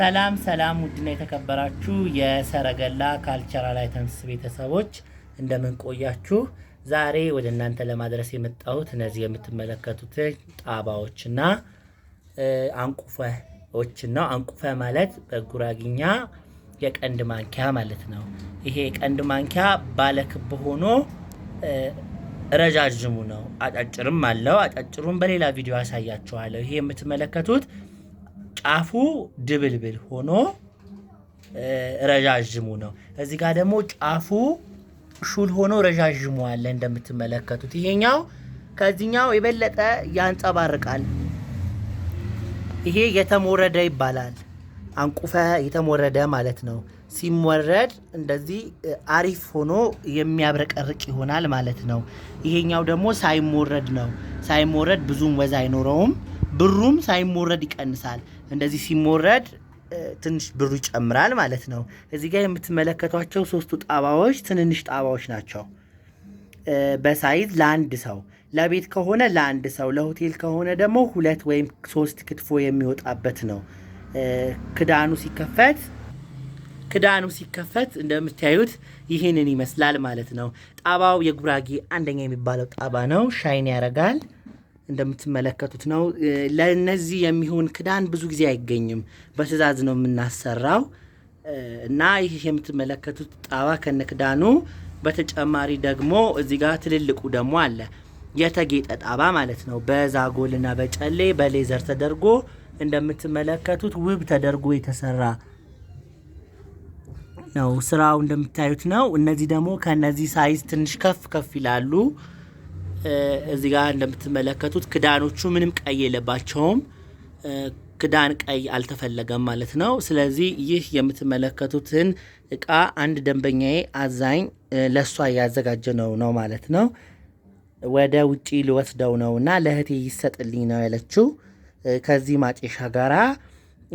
ሰላም ሰላም፣ ውድና የተከበራችሁ የሰረገላ ካልቸራል አይተምስ ቤተሰቦች እንደምን ቆያችሁ? ዛሬ ወደ እናንተ ለማድረስ የመጣሁት እነዚህ የምትመለከቱት ጣባዎችና አንቁፈዎችን ነው። አንቁፈ ማለት በጉራግኛ የቀንድ ማንኪያ ማለት ነው። ይሄ የቀንድ ማንኪያ ባለክብ ሆኖ ረዣዥሙ ነው። አጫጭርም አለው። አጫጭሩን በሌላ ቪዲዮ ያሳያችኋለሁ። ይሄ የምትመለከቱት ጫፉ ድብልብል ሆኖ ረዣዥሙ ነው። እዚህ ጋር ደግሞ ጫፉ ሹል ሆኖ ረዣዥሙ አለ እንደምትመለከቱት። ይሄኛው ከዚህኛው የበለጠ ያንጸባርቃል። ይሄ የተሞረደ ይባላል። አንቁፈ የተሞረደ ማለት ነው። ሲሞረድ እንደዚህ አሪፍ ሆኖ የሚያብረቀርቅ ይሆናል ማለት ነው። ይሄኛው ደግሞ ሳይሞረድ ነው። ሳይሞረድ ብዙም ወዝ አይኖረውም። ብሩም ሳይሞረድ ይቀንሳል። እንደዚህ ሲሞረድ ትንሽ ብሩ ይጨምራል ማለት ነው። እዚህ ጋር የምትመለከቷቸው ሶስቱ ጣባዎች ትንንሽ ጣባዎች ናቸው። በሳይዝ ለአንድ ሰው ለቤት ከሆነ ለአንድ ሰው ለሆቴል ከሆነ ደግሞ ሁለት ወይም ሶስት ክትፎ የሚወጣበት ነው። ክዳኑ ሲከፈት ክዳኑ ሲከፈት እንደምታዩት ይህንን ይመስላል ማለት ነው። ጣባው የጉራጌ አንደኛ የሚባለው ጣባ ነው። ሻይን ያረጋል። እንደምትመለከቱት ነው። ለእነዚህ የሚሆን ክዳን ብዙ ጊዜ አይገኝም፣ በትዕዛዝ ነው የምናሰራው እና ይህ የምትመለከቱት ጣባ ከነ ክዳኑ በተጨማሪ ደግሞ እዚህ ጋር ትልልቁ ደግሞ አለ የተጌጠ ጣባ ማለት ነው። በዛጎልና በጨሌ በሌዘር ተደርጎ እንደምትመለከቱት ውብ ተደርጎ የተሰራ ነው ስራው እንደምታዩት ነው። እነዚህ ደግሞ ከነዚህ ሳይዝ ትንሽ ከፍ ከፍ ይላሉ። እዚ ጋር እንደምትመለከቱት ክዳኖቹ ምንም ቀይ የለባቸውም። ክዳን ቀይ አልተፈለገም ማለት ነው። ስለዚህ ይህ የምትመለከቱትን እቃ አንድ ደንበኛዬ አዛኝ ለእሷ እያዘጋጀ ነው ነው ማለት ነው። ወደ ውጪ ሊወስደው ነው እና ለእህቴ ይሰጥልኝ ነው ያለችው። ከዚህ ማጨሻ ጋራ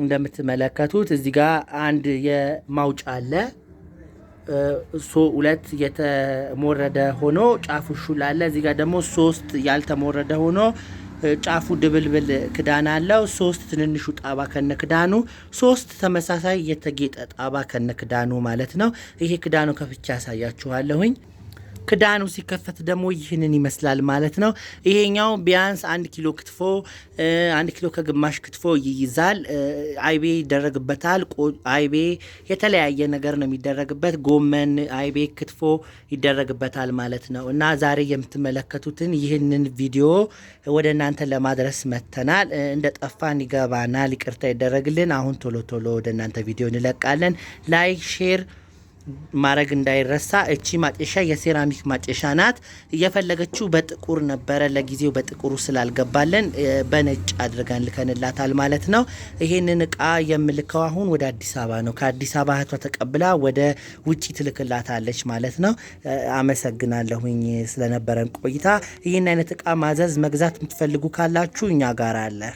እንደምትመለከቱት እዚህ ጋር አንድ የማውጫ አለ ሶ ሁለት የተሞረደ ሆኖ ጫፉ ሹላለ እዚህ ጋር ደግሞ ሶስት ያልተሞረደ ሆኖ ጫፉ ድብልብል ክዳን አለው። ሶስት ትንንሹ ጣባ ከነ ክዳኑ፣ ሶስት ተመሳሳይ የተጌጠ ጣባ ከነ ክዳኑ ማለት ነው። ይሄ ክዳኑ ከፍቻ ያሳያችኋለሁኝ። ክዳኑ ሲከፈት ደግሞ ይህንን ይመስላል ማለት ነው። ይሄኛው ቢያንስ አንድ ኪሎ ክትፎ አንድ ኪሎ ከግማሽ ክትፎ ይይዛል። አይቤ ይደረግበታል። አይቤ የተለያየ ነገር ነው የሚደረግበት። ጎመን፣ አይቤ፣ ክትፎ ይደረግበታል ማለት ነው እና ዛሬ የምትመለከቱትን ይህንን ቪዲዮ ወደ እናንተ ለማድረስ መተናል። እንደ ጠፋን ይገባናል፣ ይቅርታ ይደረግልን። አሁን ቶሎ ቶሎ ወደ እናንተ ቪዲዮ እንለቃለን። ላይክ ሼር ማድረግ እንዳይረሳ። እቺ ማጨሻ የሴራሚክ ማጨሻ ናት። እየፈለገችው በጥቁር ነበረ፣ ለጊዜው በጥቁሩ ስላልገባለን በነጭ አድርጋን ልከንላታል ማለት ነው። ይሄንን እቃ የምልከው አሁን ወደ አዲስ አበባ ነው። ከአዲስ አበባ እህቷ ተቀብላ ወደ ውጭ ትልክላታለች ማለት ነው። አመሰግናለሁኝ ስለነበረን ቆይታ። ይህን አይነት እቃ ማዘዝ መግዛት የምትፈልጉ ካላችሁ እኛ ጋር አለ።